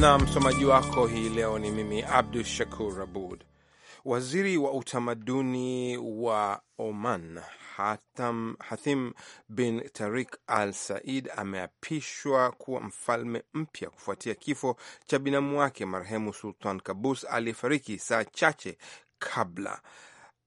na msomaji wako hii leo ni mimi Abdu Shakur Abud. Waziri wa utamaduni wa Oman Hatam, Hathim bin Tarik Al Said ameapishwa kuwa mfalme mpya kufuatia kifo cha binamu wake marehemu Sultan Kabus aliyefariki saa chache kabla.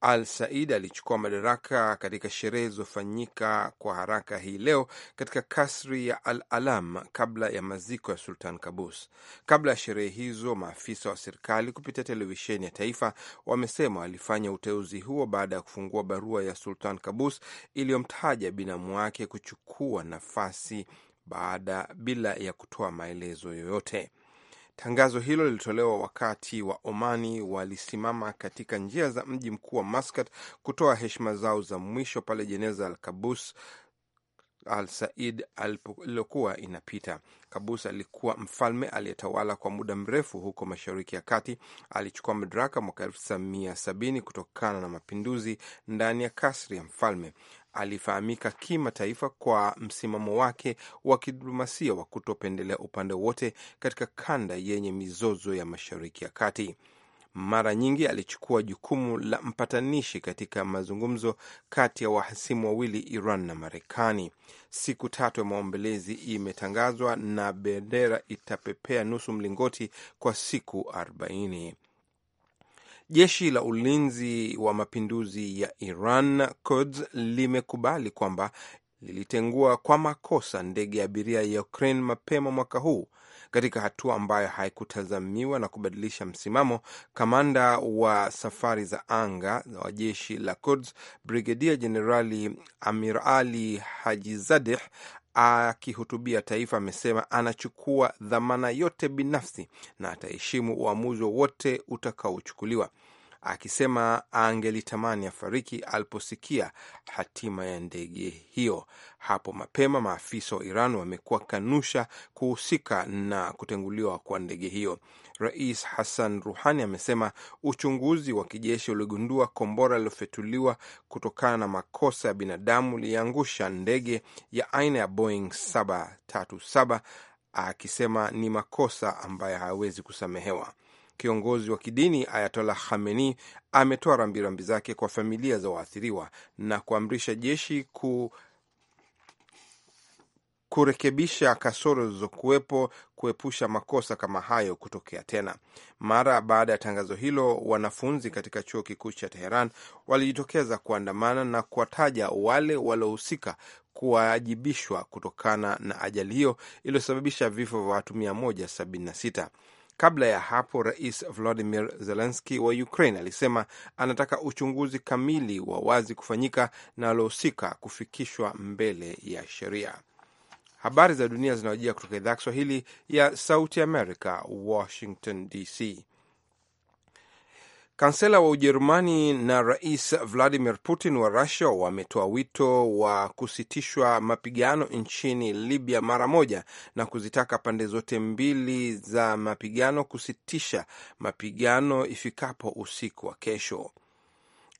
Al Said alichukua madaraka katika sherehe zilizofanyika kwa haraka hii leo katika kasri ya Al Alam kabla ya maziko ya Sultan Kabus. Kabla ya sherehe hizo, maafisa wa serikali kupitia televisheni ya taifa wamesema walifanya uteuzi huo baada ya kufungua barua ya Sultan Kabus iliyomtaja binamu wake kuchukua nafasi baada bila ya kutoa maelezo yoyote. Tangazo hilo lilitolewa wakati wa Omani walisimama katika njia za mji mkuu wa Maskat kutoa heshima zao za mwisho pale jeneza al Kabus al Said alilokuwa inapita. Kabus alikuwa mfalme aliyetawala kwa muda mrefu huko Mashariki ya Kati. Alichukua madaraka mwaka 1970 kutokana na mapinduzi ndani ya kasri ya mfalme alifahamika kimataifa kwa msimamo wake wa kidiplomasia wa kutopendelea upande wote katika kanda yenye mizozo ya Mashariki ya Kati. Mara nyingi alichukua jukumu la mpatanishi katika mazungumzo kati ya wahasimu wawili, Iran na Marekani. Siku tatu ya maombelezi imetangazwa na bendera itapepea nusu mlingoti kwa siku arobaini. Jeshi la ulinzi wa mapinduzi ya Iran Quds limekubali kwamba lilitengua kwa makosa ndege ya abiria ya Ukraine mapema mwaka huu katika hatua ambayo haikutazamiwa na kubadilisha msimamo. Kamanda wa safari za anga wa jeshi la Quds Brigedia Jenerali Amir Ali Hajizadeh akihutubia taifa amesema anachukua dhamana yote binafsi na ataheshimu uamuzi wowote utakaochukuliwa akisema angelitamani afariki aliposikia hatima ya ndege hiyo. Hapo mapema maafisa wa Iran wamekuwa kanusha kuhusika na kutenguliwa kwa ndege hiyo. Rais Hassan Ruhani amesema uchunguzi wa kijeshi uligundua kombora lilofetuliwa kutokana na makosa ya binadamu liliangusha ndege ya aina ya Boeing 737 akisema ni makosa ambayo hayawezi kusamehewa kiongozi wa kidini Ayatollah Khamenei ametoa rambirambi zake kwa familia za waathiriwa na kuamrisha jeshi ku kurekebisha kasoro zilizokuwepo kuepusha makosa kama hayo kutokea tena. Mara baada ya tangazo hilo, wanafunzi katika chuo kikuu cha Teheran walijitokeza kuandamana na kuwataja wale waliohusika kuwajibishwa kutokana na ajali hiyo iliyosababisha vifo vya watu 176. Kabla ya hapo, Rais Volodymyr Zelensky wa Ukraine alisema anataka uchunguzi kamili wa wazi kufanyika na waliohusika kufikishwa mbele ya sheria. Habari za dunia zinawajia kutoka idhaa Kiswahili ya Sauti America, Washington DC. Kansela wa Ujerumani na Rais Vladimir Putin wa Rusia wametoa wito wa kusitishwa mapigano nchini Libya mara moja na kuzitaka pande zote mbili za mapigano kusitisha mapigano ifikapo usiku wa kesho.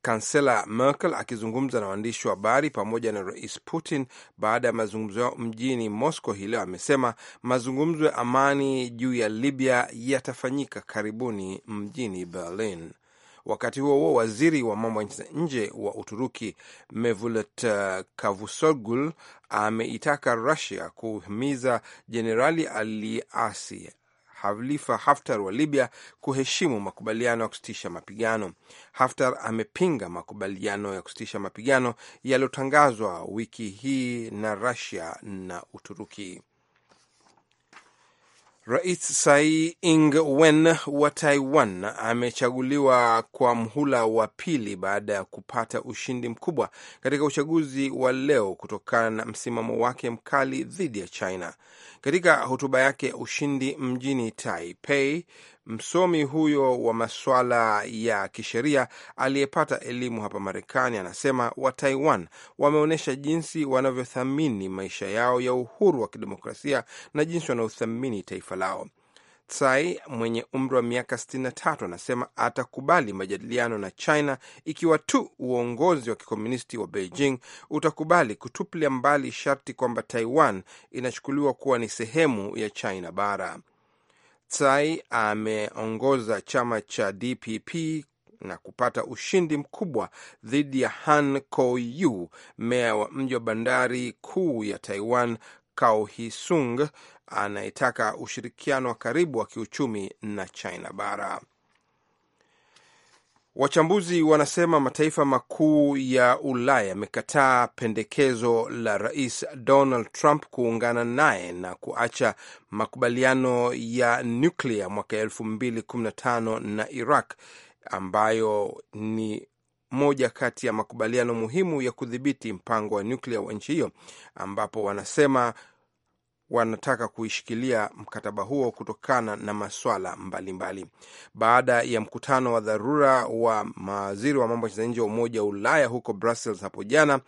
Kansela Merkel akizungumza na waandishi wa habari pamoja na Rais Putin baada ya mazungumzo yao mjini Moscow hii leo amesema mazungumzo ya amani juu ya Libya yatafanyika karibuni mjini Berlin. Wakati huo huo, waziri wa mambo ya nje wa Uturuki Mevlut uh, Cavusoglu ameitaka Rusia kuhimiza jenerali aliasi Khalifa Haftar wa Libya kuheshimu makubaliano ya kusitisha mapigano. Haftar amepinga makubaliano ya kusitisha mapigano yaliyotangazwa wiki hii na rasia na Uturuki. Rais Tsai Ing-wen wa Taiwan amechaguliwa kwa mhula wa pili baada ya kupata ushindi mkubwa katika uchaguzi wa leo kutokana na msimamo wake mkali dhidi ya China. Katika hotuba yake ya ushindi mjini Taipei, Msomi huyo wa maswala ya kisheria aliyepata elimu hapa Marekani anasema Wataiwan wameonyesha jinsi wanavyothamini maisha yao ya uhuru wa kidemokrasia na jinsi wanaothamini taifa lao. Tsai mwenye umri wa miaka 63 anasema atakubali majadiliano na China ikiwa tu uongozi wa kikomunisti wa Beijing utakubali kutupilia mbali sharti kwamba Taiwan inachukuliwa kuwa ni sehemu ya China bara. Tsai ameongoza chama cha DPP na kupata ushindi mkubwa dhidi ya Han Kuo-yu, meya wa mji wa bandari kuu ya Taiwan Kaohsiung, anayetaka ushirikiano wa karibu wa kiuchumi na China bara. Wachambuzi wanasema mataifa makuu ya Ulaya yamekataa pendekezo la Rais Donald Trump kuungana naye na kuacha makubaliano ya nyuklia mwaka elfu mbili kumi na tano na Iraq ambayo ni moja kati ya makubaliano muhimu ya kudhibiti mpango wa nyuklia wa nchi hiyo, ambapo wanasema wanataka kuishikilia mkataba huo kutokana na maswala mbalimbali. Baada ya mkutano wa dharura wa mawaziri wa mambo ya nje wa Umoja wa Ulaya huko Brussels hapo jana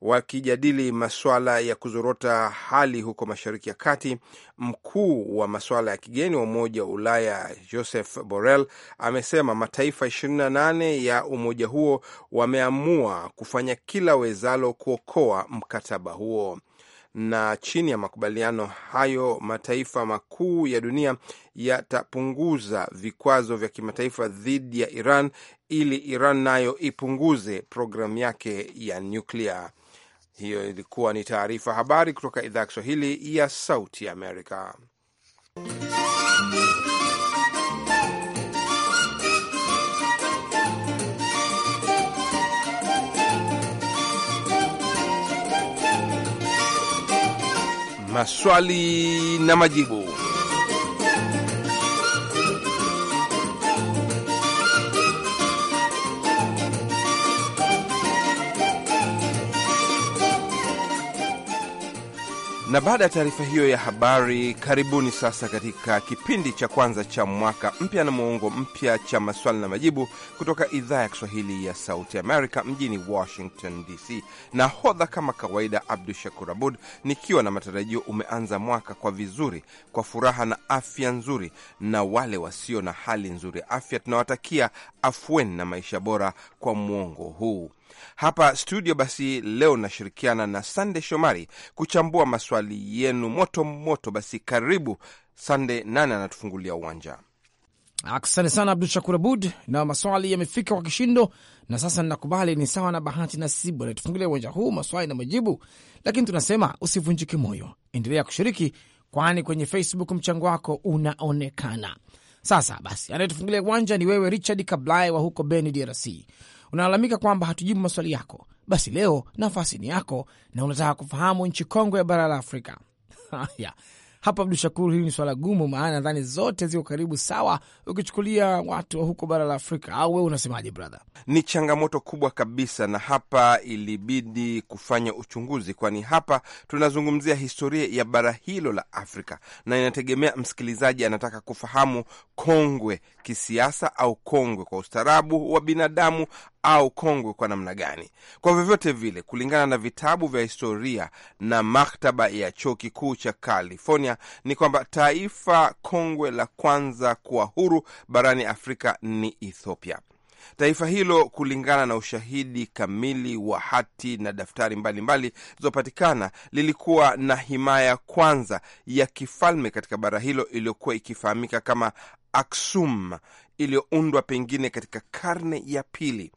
wakijadili masuala ya kuzorota hali huko Mashariki ya Kati, mkuu wa masuala ya kigeni wa Umoja wa Ulaya Joseph Borrell amesema mataifa 28 ya umoja huo wameamua kufanya kila wezalo kuokoa mkataba huo na chini ya makubaliano hayo mataifa makuu ya dunia yatapunguza vikwazo vya kimataifa dhidi ya Iran ili Iran nayo ipunguze programu yake ya nyuklia. Hiyo ilikuwa ni taarifa habari kutoka idhaa ya Kiswahili ya Sauti Amerika. maswali na majibu. Na baada ya taarifa hiyo ya habari, karibuni sasa katika kipindi cha kwanza cha mwaka mpya na muongo mpya cha maswali na majibu kutoka idhaa ya Kiswahili ya Sauti Amerika mjini Washington DC. Nahodha kama kawaida, Abdu Shakur Abud, nikiwa na matarajio umeanza mwaka kwa vizuri, kwa furaha na afya nzuri, na wale wasio na hali nzuri ya afya tunawatakia afueni na maisha bora kwa mwongo huu. Hapa studio basi leo nashirikiana na Sande Shomari kuchambua maswali yenu moto moto. Basi karibu Sande, nane anatufungulia uwanja. Asante sana Abdu Shakur Abud, na maswali yamefika kwa kishindo, na sasa ninakubali ni sawa na bahati nasibu anayetufungulia uwanja huu maswali na majibu, lakini tunasema usivunjike moyo, endelea kushiriki, kwani kwenye Facebook mchango wako unaonekana. Sasa basi, anayetufungulia uwanja ni wewe Richard Kablaye wa huko Beni, DRC unalalamika kwamba hatujibu maswali yako, basi leo nafasi ni yako na unataka kufahamu nchi kongwe ya bara la Afrika. Haya, hapa Abdu Shakur, hili ni swala gumu, maana nadhani zote ziko karibu sawa, ukichukulia watu wa huko bara la Afrika. Au wewe unasemaje, brother? Ni changamoto kubwa kabisa, na hapa ilibidi kufanya uchunguzi, kwani hapa tunazungumzia historia ya bara hilo la Afrika, na inategemea msikilizaji anataka kufahamu kongwe kisiasa au kongwe kwa ustaarabu wa binadamu au kongwe kwa namna gani. Kwa vyovyote vile, kulingana na vitabu vya historia na maktaba ya chuo kikuu cha California ni kwamba taifa kongwe la kwanza kuwa huru barani Afrika ni Ethiopia. Taifa hilo kulingana na ushahidi kamili wa hati na daftari mbalimbali zilizopatikana lilikuwa na himaya kwanza ya kifalme katika bara hilo iliyokuwa ikifahamika kama Aksum iliyoundwa pengine katika karne ya pili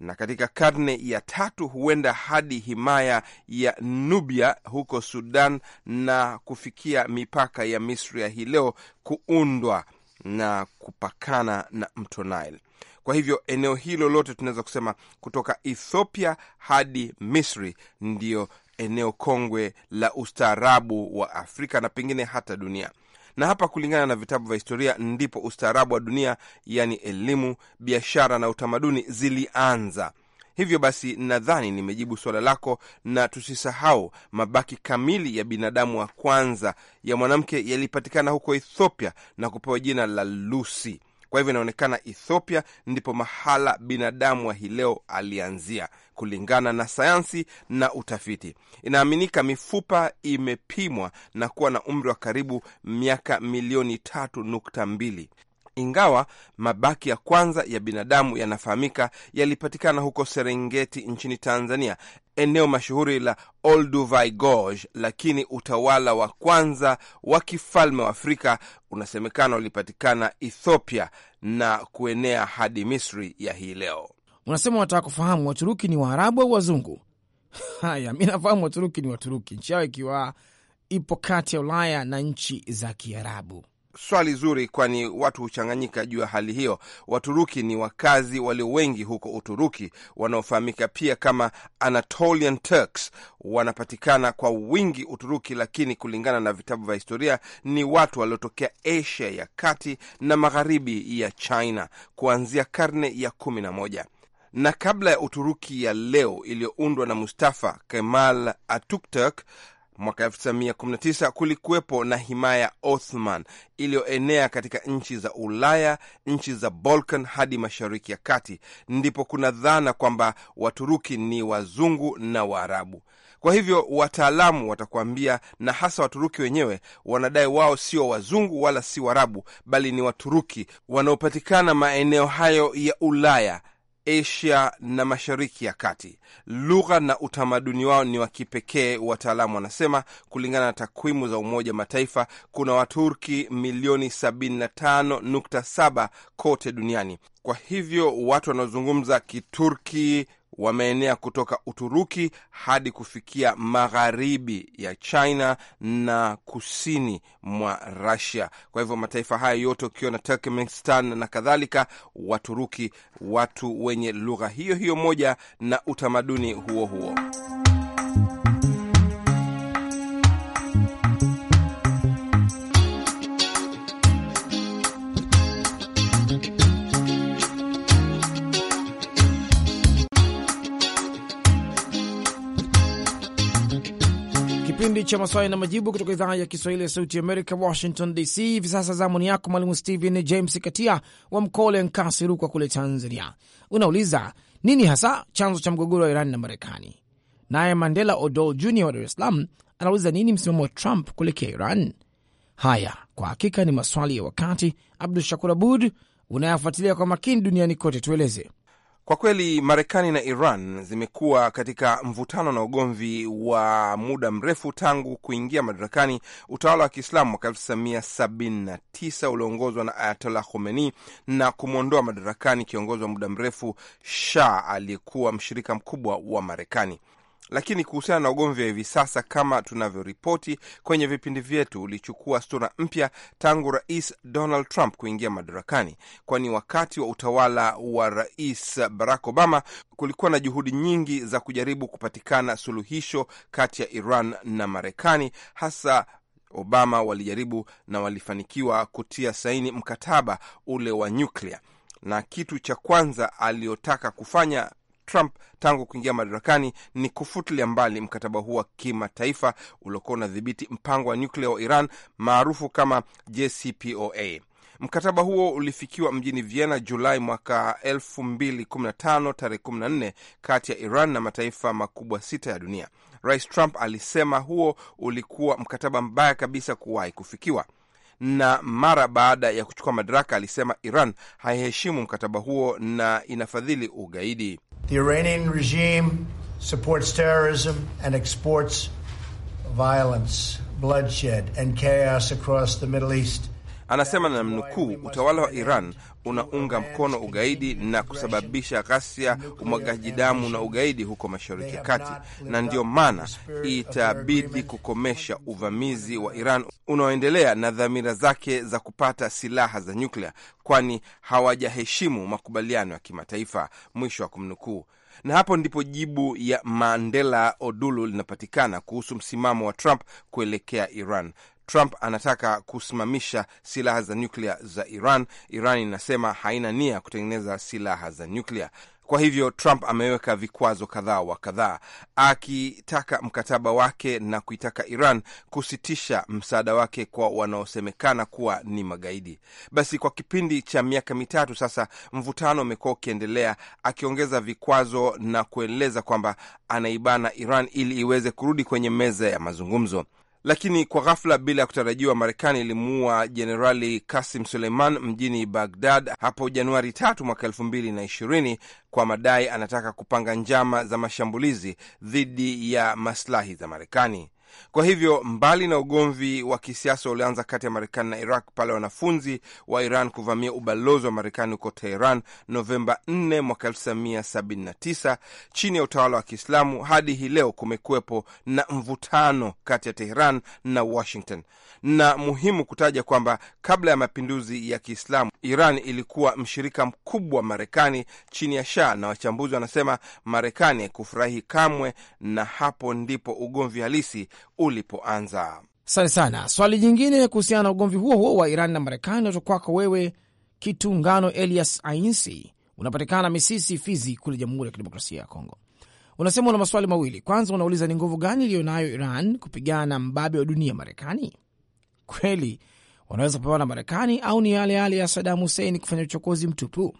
na katika karne ya tatu huenda hadi himaya ya Nubia huko Sudan na kufikia mipaka ya Misri ya hii leo kuundwa na kupakana na mto Nile. Kwa hivyo eneo hilo lote tunaweza kusema kutoka Ethiopia hadi Misri ndiyo eneo kongwe la ustaarabu wa Afrika na pengine hata dunia. Na hapa, kulingana na vitabu vya historia, ndipo ustaarabu wa dunia, yaani elimu, biashara na utamaduni zilianza. Hivyo basi nadhani nimejibu suala lako, na tusisahau mabaki kamili ya binadamu wa kwanza ya mwanamke yalipatikana huko Ethiopia na kupewa jina la Lucy. Kwa hivyo inaonekana Ethiopia ndipo mahala binadamu wa hii leo alianzia, kulingana na sayansi na utafiti. Inaaminika mifupa imepimwa na kuwa na umri wa karibu miaka milioni tatu nukta mbili ingawa mabaki ya kwanza ya binadamu yanafahamika yalipatikana huko Serengeti nchini Tanzania, eneo mashuhuri la Olduvai Gorge, lakini utawala wa kwanza wa kifalme wa Afrika unasemekana ulipatikana Ethiopia na kuenea hadi Misri ya hii leo. Unasema wataka kufahamu Waturuki ni Waarabu au Wazungu? Haya, mi nafahamu Waturuki ni Waturuki, nchi yao ikiwa ipo kati ya Ulaya na nchi za Kiarabu swali zuri, kwani watu huchanganyika juu ya hali hiyo. Waturuki ni wakazi walio wengi huko Uturuki wanaofahamika pia kama Anatolian Turks, wanapatikana kwa wingi Uturuki, lakini kulingana na vitabu vya historia ni watu waliotokea Asia ya kati na magharibi ya China kuanzia karne ya kumi na moja na kabla ya Uturuki ya leo iliyoundwa na Mustafa Kemal Atukturk Mwaka 1919 kulikuwepo na himaya Othman iliyoenea katika nchi za Ulaya, nchi za Balkan hadi Mashariki ya Kati. Ndipo kuna dhana kwamba Waturuki ni wazungu na Waarabu. Kwa hivyo wataalamu watakuambia, na hasa Waturuki wenyewe wanadai wao sio wazungu wala si Waarabu, bali ni Waturuki wanaopatikana maeneo hayo ya Ulaya Asia na Mashariki ya Kati. Lugha na utamaduni wao ni wa kipekee, wataalamu wanasema. Kulingana na takwimu za Umoja Mataifa, kuna Waturki milioni 75.7 kote duniani. Kwa hivyo watu wanaozungumza Kiturki wameenea kutoka Uturuki hadi kufikia magharibi ya China na kusini mwa Russia. Kwa hivyo mataifa hayo yote ukiwa na Turkmenistan na kadhalika, Waturuki, watu wenye lugha hiyo hiyo moja na utamaduni huo huo. kipindi cha maswali na majibu kutoka idhaa ya Kiswahili ya Sauti Amerika, Washington DC. Hivi sasa ni yako Mwalimu Stephen James Katia wa Mkole, Nkasi, Rukwa kule Tanzania. Unauliza nini hasa chanzo cha mgogoro wa iran na Marekani? Naye Mandela Odol Jr wa Dar es Salaam anauliza nini msimamo wa Trump kuelekea Iran? Haya, kwa hakika ni maswali ya wakati. Abdu Shakur Abud unayafuatilia kwa makini duniani kote, tueleze kwa kweli Marekani na Iran zimekuwa katika mvutano na ugomvi wa muda mrefu tangu kuingia madarakani utawala wa Kiislamu mwaka 1979 ulioongozwa na Ayatollah Khomeini na kumwondoa madarakani kiongozi wa muda mrefu Shah aliyekuwa mshirika mkubwa wa Marekani. Lakini kuhusiana na ugomvi wa hivi sasa, kama tunavyoripoti kwenye vipindi vyetu, ulichukua sura mpya tangu Rais Donald Trump kuingia madarakani, kwani wakati wa utawala wa Rais Barack Obama kulikuwa na juhudi nyingi za kujaribu kupatikana suluhisho kati ya Iran na Marekani hasa Obama walijaribu na walifanikiwa kutia saini mkataba ule wa nyuklia, na kitu cha kwanza aliyotaka kufanya Trump tangu kuingia madarakani ni kufutilia mbali mkataba huu wa kimataifa uliokuwa unadhibiti mpango wa nyuklia wa Iran maarufu kama JCPOA. Mkataba huo ulifikiwa mjini Vienna Julai mwaka 2015 tarehe 14 kati ya Iran na mataifa makubwa sita ya dunia. Rais Trump alisema huo ulikuwa mkataba mbaya kabisa kuwahi kufikiwa na mara baada ya kuchukua madaraka alisema Iran haiheshimu mkataba huo na inafadhili ugaidi. The Iranian regime supports terrorism and exports violence, bloodshed and chaos across the Middle East. Anasema na mnukuu, utawala wa Iran unaunga mkono ugaidi na kusababisha ghasia, umwagaji damu na ugaidi huko Mashariki ya Kati, na ndiyo maana itabidi kukomesha uvamizi wa Iran unaoendelea na dhamira zake za kupata silaha za nyuklia, kwani hawajaheshimu makubaliano ya kimataifa, mwisho wa kumnukuu. Na hapo ndipo jibu ya Mandela Odulu linapatikana kuhusu msimamo wa Trump kuelekea Iran. Trump anataka kusimamisha silaha za nyuklia za Iran. Iran inasema haina nia ya kutengeneza silaha za nyuklia. Kwa hivyo Trump ameweka vikwazo kadhaa wa kadhaa, akitaka mkataba wake na kuitaka Iran kusitisha msaada wake kwa wanaosemekana kuwa ni magaidi. Basi kwa kipindi cha miaka mitatu sasa, mvutano umekuwa ukiendelea, akiongeza vikwazo na kueleza kwamba anaibana Iran ili iweze kurudi kwenye meza ya mazungumzo. Lakini kwa ghafla, bila ya kutarajiwa, Marekani ilimuua Jenerali Kasim Suleiman mjini Bagdad hapo Januari tatu mwaka elfu mbili na ishirini kwa madai anataka kupanga njama za mashambulizi dhidi ya maslahi za Marekani. Kwa hivyo mbali na ugomvi wa kisiasa ulioanza kati ya Marekani na Iraq pale wanafunzi wa Iran kuvamia ubalozi wa Marekani huko Teheran Novemba 4 mwaka 1979 chini ya utawala wa Kiislamu, hadi hii leo kumekuwepo na mvutano kati ya Teheran na Washington. Na muhimu kutaja kwamba kabla ya mapinduzi ya Kiislamu, Iran ilikuwa mshirika mkubwa wa Marekani chini ya Shah, na wachambuzi wanasema Marekani kufurahi kamwe, na hapo ndipo ugomvi halisi ulipoanza. Asante sana. Swali jingine kuhusiana na ugomvi huo huo wa Iran na Marekani natoka kwako wewe Kitungano Elias Ainsi, unapatikana Misisi, Fizi kule Jamhuri ya Kidemokrasia ya Kongo. Unasema una maswali mawili. Kwanza unauliza ni nguvu gani iliyonayo Iran kupigana na mbabe wa dunia Marekani? Kweli wanaweza kupambana na Marekani au ni yale yale ya Sadam Hussein kufanya uchokozi mtupu?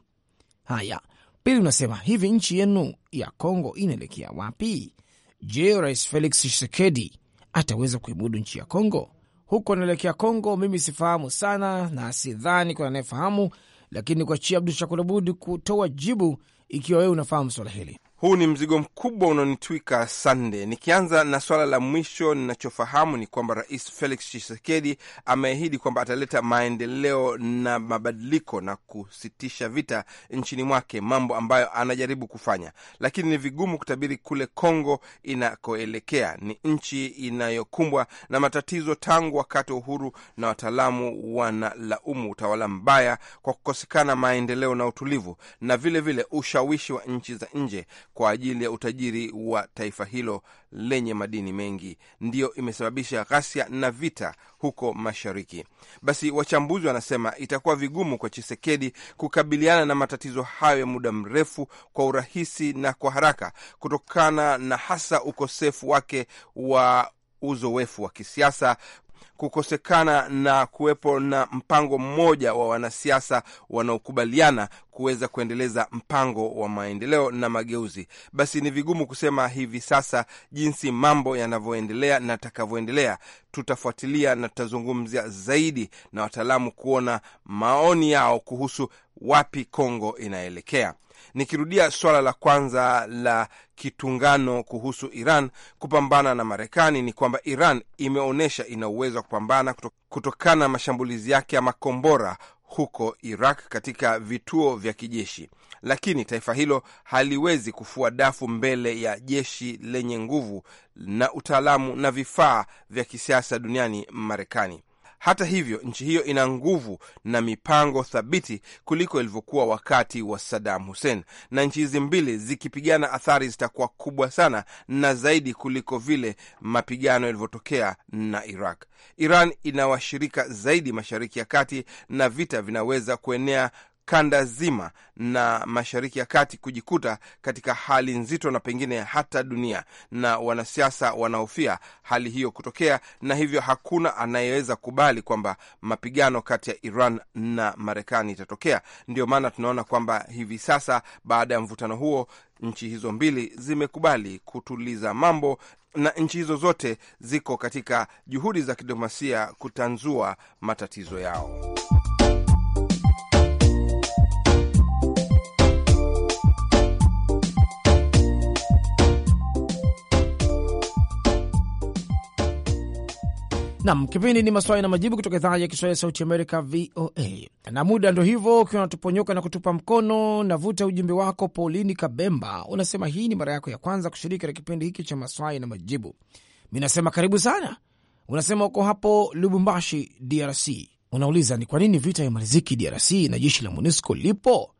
Haya, pili unasema hivi nchi yenu ya Kongo inaelekea wapi? Je, Rais Felix Tshisekedi ataweza kuimudu nchi ya Kongo? Huko anaelekea Kongo, mimi sifahamu sana na sidhani kuna anayefahamu, lakini kuachia Abdu Shakur Abud kutoa jibu ikiwa wewe unafahamu swala hili. Huu ni mzigo mkubwa unaonitwika Sande. Nikianza na swala la mwisho, ninachofahamu ni kwamba Rais Felix Tshisekedi ameahidi kwamba ataleta maendeleo na mabadiliko na kusitisha vita nchini mwake, mambo ambayo anajaribu kufanya, lakini ni vigumu kutabiri kule Kongo inakoelekea. Ni nchi inayokumbwa na matatizo tangu wakati wa uhuru, na wataalamu wanalaumu utawala mbaya kwa kukosekana maendeleo na utulivu, na vilevile vile ushawishi wa nchi za nje kwa ajili ya utajiri wa taifa hilo lenye madini mengi, ndiyo imesababisha ghasia na vita huko mashariki. Basi wachambuzi wanasema itakuwa vigumu kwa Chisekedi kukabiliana na matatizo hayo ya muda mrefu kwa urahisi na kwa haraka, kutokana na hasa ukosefu wake wa uzoefu wa kisiasa, kukosekana na kuwepo na mpango mmoja wa wanasiasa wanaokubaliana kuweza kuendeleza mpango wa maendeleo na mageuzi, basi ni vigumu kusema hivi sasa jinsi mambo yanavyoendelea na takavyoendelea. Tutafuatilia na tutazungumzia zaidi na wataalamu kuona maoni yao kuhusu wapi Kongo inaelekea. Nikirudia swala la kwanza la kitungano kuhusu Iran kupambana na Marekani ni kwamba Iran imeonyesha ina uwezo wa kupambana kutokana na mashambulizi yake ya makombora huko Iraq katika vituo vya kijeshi, lakini taifa hilo haliwezi kufua dafu mbele ya jeshi lenye nguvu na utaalamu na vifaa vya kisiasa duniani, Marekani. Hata hivyo, nchi hiyo ina nguvu na mipango thabiti kuliko ilivyokuwa wakati wa Saddam Hussein, na nchi hizi mbili zikipigana, athari zitakuwa kubwa sana na zaidi kuliko vile mapigano yalivyotokea na Iraq. Iran ina washirika zaidi Mashariki ya Kati na vita vinaweza kuenea kanda zima na Mashariki ya Kati kujikuta katika hali nzito na pengine hata dunia, na wanasiasa wanahofia hali hiyo kutokea, na hivyo hakuna anayeweza kubali kwamba mapigano kati ya Iran na Marekani itatokea. Ndio maana tunaona kwamba hivi sasa baada ya mvutano huo nchi hizo mbili zimekubali kutuliza mambo na nchi hizo zote ziko katika juhudi za kidiplomasia kutanzua matatizo yao. Nam kipindi ni maswali na majibu kutoka idhaa ya Kiswahili ya sauti Amerika, VOA. Na muda ndo hivyo, ukiwa natuponyoka na kutupa mkono. Navuta ujumbe wako. Paulini Kabemba unasema hii ni mara yako ya kwanza kushiriki katika kipindi hiki cha maswali na majibu. Mi nasema karibu sana. Unasema uko hapo Lubumbashi, DRC. Unauliza ni kwa nini vita ya maliziki DRC na jeshi la MONUSCO lipo.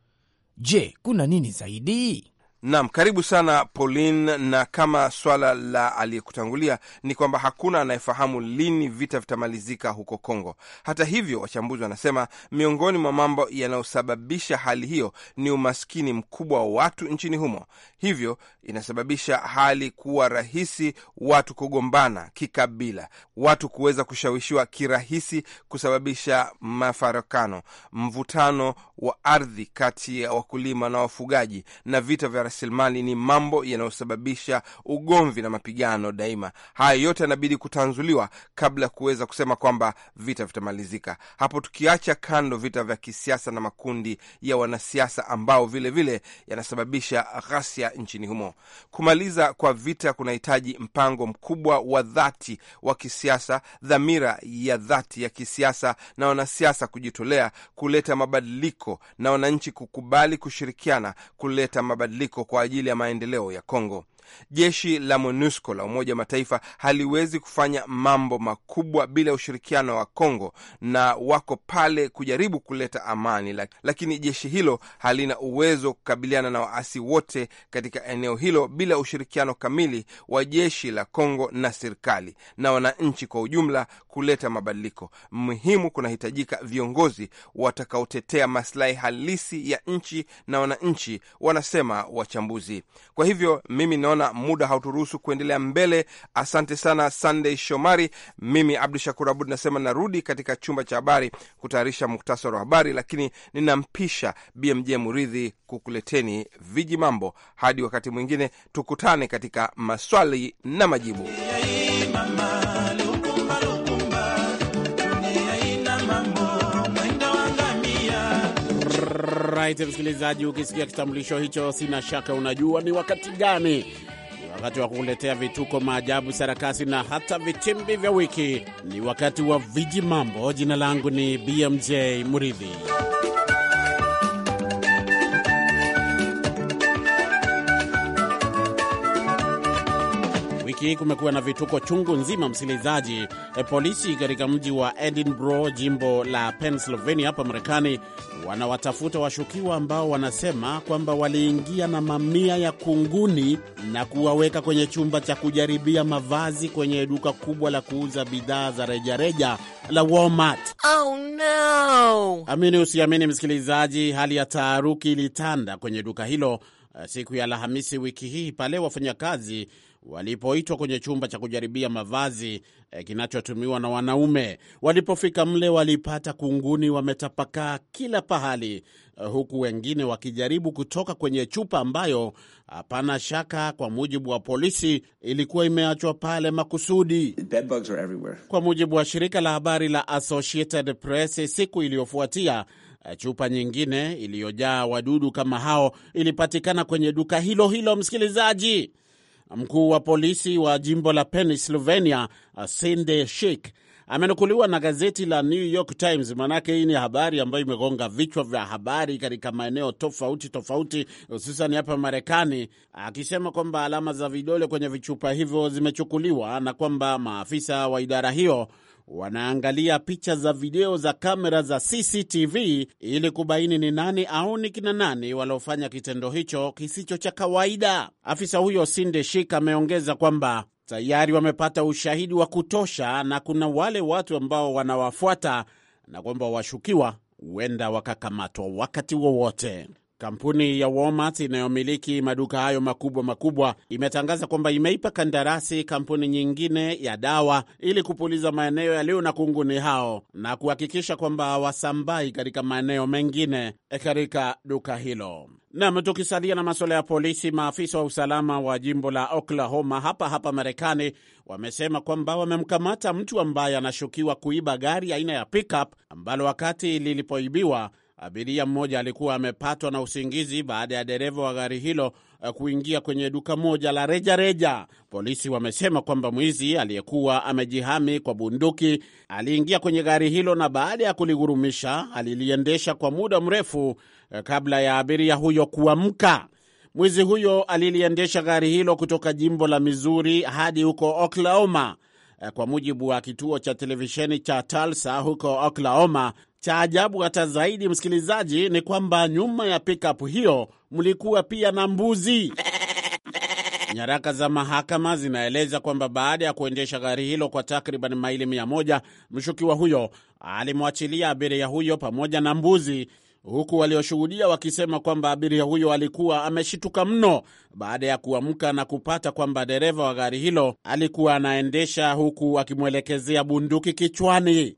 Je, kuna nini zaidi? Naam, karibu sana Pauline. Na kama swala la aliyekutangulia ni kwamba hakuna anayefahamu lini vita vitamalizika huko Kongo. Hata hivyo, wachambuzi wanasema miongoni mwa mambo yanayosababisha hali hiyo ni umaskini mkubwa wa watu nchini humo, hivyo inasababisha hali kuwa rahisi watu kugombana kikabila, watu kuweza kushawishiwa kirahisi, kusababisha mafarakano, mvutano wa ardhi kati ya wakulima na wafugaji na vita vya rasilimali ni mambo yanayosababisha ugomvi na mapigano daima. Haya yote yanabidi kutanzuliwa kabla ya kuweza kusema kwamba vita vitamalizika. Hapo tukiacha kando vita vya kisiasa na makundi ya wanasiasa ambao vilevile yanasababisha ghasia nchini humo. Kumaliza kwa vita kunahitaji mpango mkubwa wa dhati wa kisiasa, dhamira ya dhati ya kisiasa, na wanasiasa kujitolea kuleta mabadiliko na wananchi kukubali kushirikiana kuleta mabadiliko kwa ajili ya maendeleo ya Kongo. Jeshi la MONUSCO la Umoja wa Mataifa haliwezi kufanya mambo makubwa bila ushirikiano wa Kongo, na wako pale kujaribu kuleta amani, lakini jeshi hilo halina uwezo wa kukabiliana na waasi wote katika eneo hilo bila ushirikiano kamili wa jeshi la Kongo na serikali na wananchi kwa ujumla kuleta mabadiliko muhimu. Kunahitajika viongozi watakaotetea maslahi halisi ya nchi na wananchi, wanasema wachambuzi. Kwa hivyo mimi naona naona muda hauturuhusu kuendelea mbele. Asante sana Sandey Shomari. Mimi Abdu Shakur Abud nasema narudi katika chumba cha habari kutayarisha muktasari wa habari, lakini ninampisha BMJ Muridhi kukuleteni viji mambo. Hadi wakati mwingine, tukutane katika maswali na majibu. right, msikilizaji, ukisikia kitambulisho hicho, sina shaka unajua ni wakati gani. Ni wakati wa kukuletea vituko, maajabu, sarakasi na hata vitimbi vya wiki. Ni wakati wa viji mambo. Jina langu ni BMJ Muridhi. wiki kumekuwa na vituko chungu nzima, msikilizaji. E, polisi katika mji wa Edinburgh, jimbo la Pennsylvania hapa Marekani, wanawatafuta washukiwa ambao wanasema kwamba waliingia na mamia ya kunguni na kuwaweka kwenye chumba cha kujaribia mavazi kwenye duka kubwa la kuuza bidhaa za rejareja la Walmart. Oh, no. Amini usiamini, msikilizaji, hali ya taharuki ilitanda kwenye duka hilo e, siku ya Alhamisi wiki hii pale wafanyakazi walipoitwa kwenye chumba cha kujaribia mavazi eh, kinachotumiwa na wanaume. Walipofika mle, walipata kunguni wametapakaa kila pahali, eh, huku wengine wakijaribu kutoka kwenye chupa ambayo hapana shaka, kwa mujibu wa polisi, ilikuwa imeachwa pale makusudi. Kwa mujibu wa shirika la habari la Associated Press, siku iliyofuatia eh, chupa nyingine iliyojaa wadudu kama hao ilipatikana kwenye duka hilo hilo, msikilizaji. Mkuu wa polisi wa jimbo la Pennsylvania, Sinde uh, Shik, amenukuliwa na gazeti la New York Times. Maanake hii ni habari ambayo imegonga vichwa vya habari katika maeneo tofauti tofauti, hususan hapa Marekani, akisema kwamba alama za vidole kwenye vichupa hivyo zimechukuliwa na kwamba maafisa wa idara hiyo wanaangalia picha za video za kamera za CCTV ili kubaini ni nani au ni kina nani waliofanya kitendo hicho kisicho cha kawaida. Afisa huyo Sinde Shik ameongeza kwamba tayari wamepata ushahidi wa kutosha na kuna wale watu ambao wanawafuata na kwamba washukiwa huenda wakakamatwa wakati wowote. Kampuni ya Walmart inayomiliki maduka hayo makubwa makubwa imetangaza kwamba imeipa kandarasi kampuni nyingine ya dawa ili kupuliza maeneo yaliyo na kunguni hao na kuhakikisha kwamba hawasambai katika maeneo mengine katika duka hilo. Nam, tukisalia na masuala ya polisi, maafisa wa usalama wa jimbo la Oklahoma hapa hapa Marekani wamesema kwamba wamemkamata mtu ambaye anashukiwa kuiba gari aina ya pickup ambalo wakati lilipoibiwa abiria mmoja alikuwa amepatwa na usingizi baada ya dereva wa gari hilo eh, kuingia kwenye duka moja la rejareja reja. Polisi wamesema kwamba mwizi aliyekuwa amejihami kwa bunduki aliingia kwenye gari hilo na baada ya kulighurumisha aliliendesha kwa muda mrefu eh, kabla ya abiria huyo kuamka. Mwizi huyo aliliendesha gari hilo kutoka jimbo la Mizuri hadi huko Oklahoma, eh, kwa mujibu wa kituo cha televisheni cha Tulsa huko Oklahoma, cha ajabu hata zaidi, msikilizaji, ni kwamba nyuma ya pikapu hiyo mlikuwa pia na mbuzi. Nyaraka za mahakama zinaeleza kwamba baada ya kuendesha gari hilo kwa takriban maili mia moja, mshukiwa huyo alimwachilia abiria huyo pamoja na mbuzi, huku walioshuhudia wakisema kwamba abiria huyo alikuwa ameshituka mno baada ya kuamka na kupata kwamba dereva wa gari hilo alikuwa anaendesha huku akimwelekezea bunduki kichwani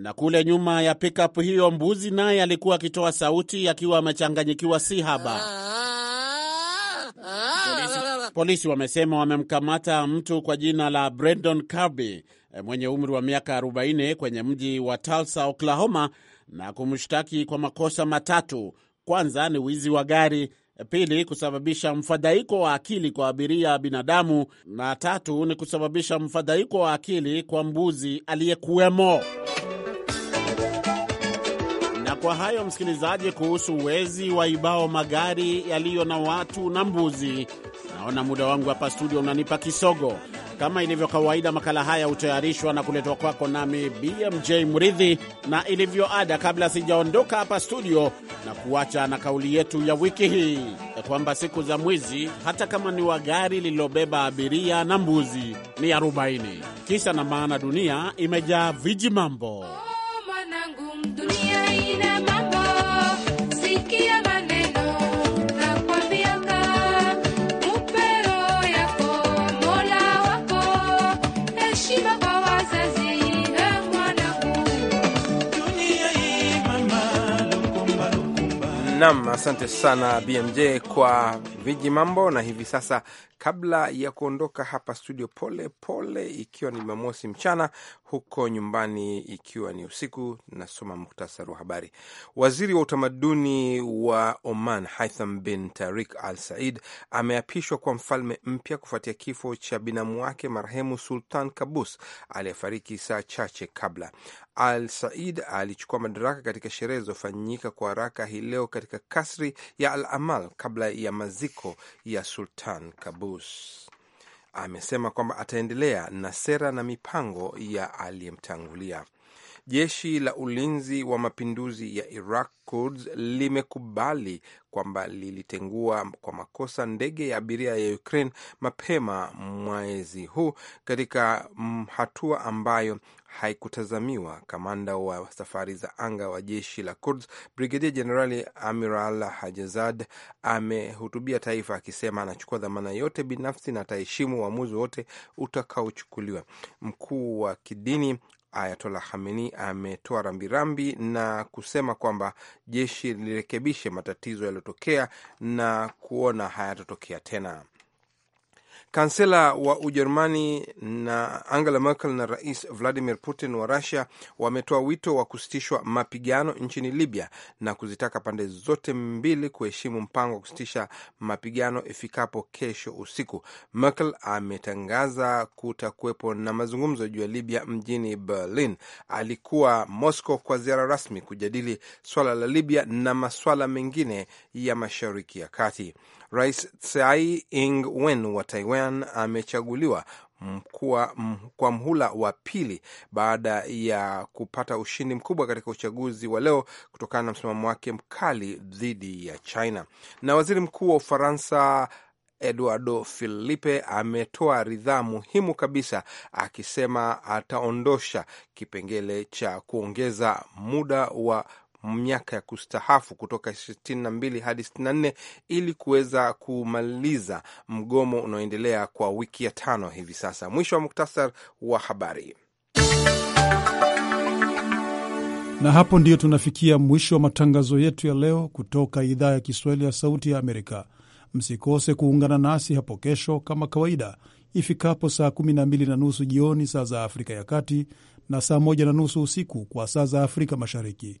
na kule nyuma ya pikap hiyo mbuzi naye alikuwa akitoa sauti akiwa amechanganyikiwa si haba. Polisi, ah, ah. polisi wamesema wamemkamata mtu kwa jina la Brandon Kirby eh, mwenye umri wa miaka 40 kwenye mji wa Tulsa, Oklahoma na kumshtaki kwa makosa matatu. Kwanza ni wizi wa gari, pili kusababisha mfadhaiko wa akili kwa abiria binadamu, na tatu ni kusababisha mfadhaiko wa akili kwa mbuzi aliyekuwemo kwa hayo msikilizaji, kuhusu wezi ibao magari yaliyo na watu na mbuzi. Naona muda wangu hapa studio unanipa kisogo. Kama ilivyo kawaida, makala haya hutayarishwa na kuletwa kwako nami BMJ Mridhi, na ilivyo ada, kabla sijaondoka hapa studio na kuacha na kauli yetu ya wiki hii kwamba siku za mwizi, hata kama ni wa gari lililobeba abiria na mbuzi, ni arobaini. Kisa na maana, dunia imejaa viji mambo. Nam, asante sana BMJ kwa viji mambo. Na hivi sasa kabla ya kuondoka hapa studio pole pole, ikiwa ni Jumamosi mchana, huko nyumbani ikiwa ni usiku. Nasoma muktasari wa habari. Waziri wa utamaduni wa Oman Haitham bin Tarik Al Said ameapishwa kwa mfalme mpya kufuatia kifo cha binamu wake marehemu Sultan Kabus aliyefariki saa chache kabla. Al Said alichukua madaraka katika sherehe zilizofanyika kwa haraka hii leo katika kasri ya Al Amal kabla ya maziko ya Sultan Kabus. Ghebreyesus amesema kwamba ataendelea na sera na mipango ya aliyemtangulia. Jeshi la ulinzi wa mapinduzi ya Iraq Kurds limekubali kwamba lilitengua kwa makosa ndege ya abiria ya Ukraine mapema mwezi huu katika hatua ambayo haikutazamiwa. Kamanda wa safari za anga wa jeshi la Kurds, Brigedia Jenerali Amiral Hajazad amehutubia taifa akisema anachukua dhamana yote binafsi na ataheshimu uamuzi wote utakaochukuliwa. Mkuu wa kidini Ayatola Khamenei ametoa rambirambi na kusema kwamba jeshi lirekebishe matatizo yaliyotokea na kuona hayatotokea tena. Kansela wa Ujerumani na Angela Merkel na Rais Vladimir Putin wa Russia wametoa wito wa kusitishwa mapigano nchini Libya na kuzitaka pande zote mbili kuheshimu mpango wa kusitisha mapigano ifikapo kesho usiku. Merkel ametangaza kutakuwepo na mazungumzo juu ya Libya mjini Berlin. Alikuwa Moscow kwa ziara rasmi kujadili swala la Libya na maswala mengine ya Mashariki ya Kati. Rais Tsai Ing-wen wa Taiwan amechaguliwa mkua, kwa mhula wa pili baada ya kupata ushindi mkubwa katika uchaguzi wa leo kutokana na msimamo wake mkali dhidi ya China. Na waziri mkuu wa Ufaransa Eduardo Filipe ametoa ridhaa muhimu kabisa akisema ataondosha kipengele cha kuongeza muda wa miaka ya kustahafu kutoka 62 hadi 64 ili kuweza kumaliza mgomo unaoendelea kwa wiki ya tano hivi sasa. Mwisho wa muktasar wa habari. Na hapo ndiyo tunafikia mwisho wa matangazo yetu ya leo kutoka idhaa ya Kiswahili ya Sauti ya Amerika. Msikose kuungana nasi hapo kesho kama kawaida ifikapo saa 12 na nusu jioni saa za Afrika ya Kati na saa 1 na nusu usiku kwa saa za Afrika Mashariki.